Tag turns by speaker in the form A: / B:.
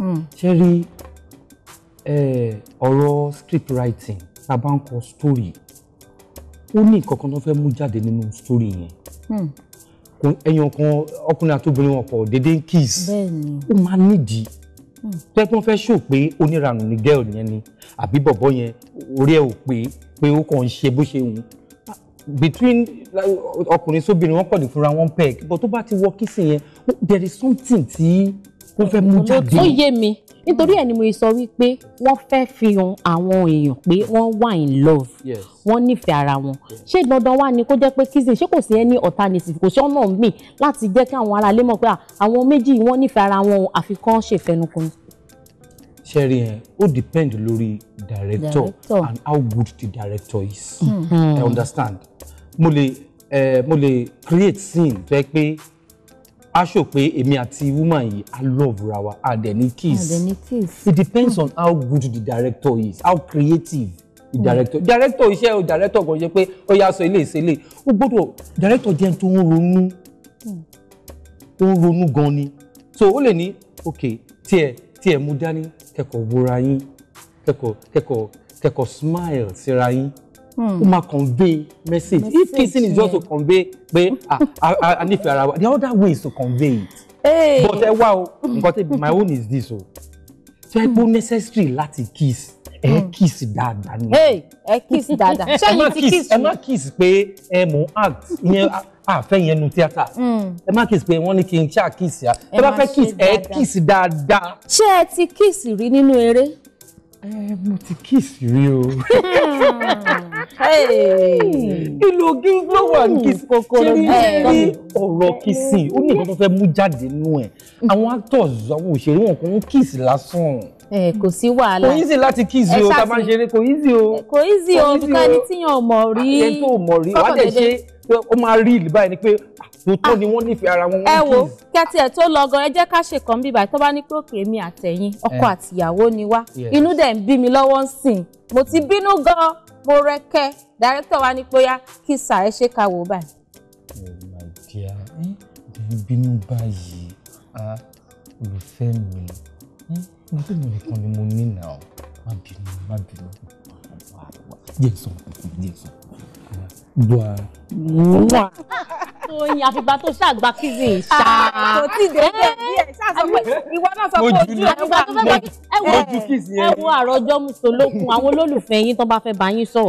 A: Hmm. ṣe rí ọ̀rọ̀ script writing tá a bá ń kọ story ó ní nǹkan kan tó fẹ́ mú jáde nínú story yẹn hmm. ẹyàn kan ọkùnrin àti obìnrin wọn pọ̀ déédéé ń kiss ó máa nídìí hmm. tẹ́ tó ń fẹ́ ṣò pé oníranù ni girl yẹn ni àbí bọ̀bọ̀ yẹn orí ẹ̀ ò pé pé ó kàn ń ṣe bó ṣe wù between ọkùnrin sóbìnrin wọn pọ̀ lè fúnra wọn peg but tó bá ti wọ kissing yẹn there is something tí. Ti wọ́n fẹ́ mú jáde. ó yé mi nítorí ẹ̀ ni mo sọ wípé wọ́n fẹ́ fi hàn àwọn èèyàn pé wọ́n wà in love wọ́n nífẹ̀ẹ́ ara wọn ṣé dandan wá ni kó jẹ́ pé kissing ṣé kò sí ẹni alternative kò sí ọ̀nà míì láti jẹ́ kí àwọn aráalé mọ̀ pé àwọn méjì wọ́n nífẹ̀ẹ́ ara wọn àfi kán ṣèfẹnukun ṣẹ́rí yẹn ó depend lórí director, director and how good the director is. Mm-hmm. I understand. mo lè eh, mo lè create scene tó yẹ pé a ṣò pé èmi àti woman yìí i love ra wa and then he kiss then he kiss it depends on how good the director is how creative the hmm. director director iṣẹ́ o director kò ṣe pé ó yá sọ ilé ìṣẹ̀lẹ̀ ó gbọ́dọ̀ director jẹ́ tó ń ronú hmm. ó ń ronú gan ni so ó lè ní ok tiẹ̀ tiẹ̀ mú dání kẹ́kọ̀ọ́ wòra yín kẹ́kọ̀ọ́ kẹ́kọ̀ọ́ kẹ́kọ̀ọ́ smile síra yín. Hmm. ó máa convey message if kissing is just to convey pé ah, a nífẹ̀ẹ́ ara wa the other way is to convey it hey. but ẹ wá o nǹkan tẹ́ my own is this o so ẹ gbó hmm. necessary láti kiss ẹ hmm. kiss dáadáa ni. ẹ kiss dáadáa ṣẹ́yìn ti kiss. ẹ má kiss pé ẹ mò ń act ìyẹn àfẹ́ yẹn nu tíátà ẹ má kiss pé wọ́n ní kí n ṣáà kiss ya ẹ bá fẹ́ kiss ẹ kiss dáadáa. ṣé ẹ ti kiss rí nínú eré. Eh, mo ti kiss rí o. ìlò gígbówó and kiss kòkòrò bí ọ̀rọ̀ kìsìn ó ní nǹkan tó fẹ́ mú jáde nínú ẹ̀ àwọn actors àwọn òṣèré wọn kò ń kiss lásán kò sí wàhálà kò easy láti kiss o tá a bá ń ṣeré kò easy o kò easy o bí ká ní tíyàn ò mọ̀ rí kọ́kọ̀ dédé ó máa rí ìlú báyìí ni pé tuntun ni wọ́n nífẹ̀ẹ́ ara wọn. ẹ wo kẹtì ẹ tó lọ gan ẹ jẹ́ ká ṣe kàn bí báyìí tó bá ní pé òkè mi ọkọ eh. àtìyàwó ni wá inú dẹ̀ ń bí mi lọ́wọ́ ń sìn mo ti bínú gan mo rẹkẹ dàrẹ́tọ̀ wa ní pé yá kí sà ẹ ṣe ká wò báyìí. oh my dear eh? ẹ ń bínú báyìí olùfẹ́ mi eh? ní pé mo nìkan ni mo ní nà má bínú má bínú jẹ́ sọ jẹ́ sọ gbọ́ a oyin àfìgbà tó ṣàgbà kìsì ṣá. Ah, kò tí ì dé bẹ́ẹ̀ bí eh, ẹ̀ ṣáàsọ pé ìwọ náà sọ pé ojú ẹ̀ wà ẹ̀ wọ àròjọ mùsùlùmí àwọn olólùfẹ́ yín tó bá fẹ́ bá yín sọ̀rọ̀.